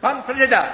Pán prededa.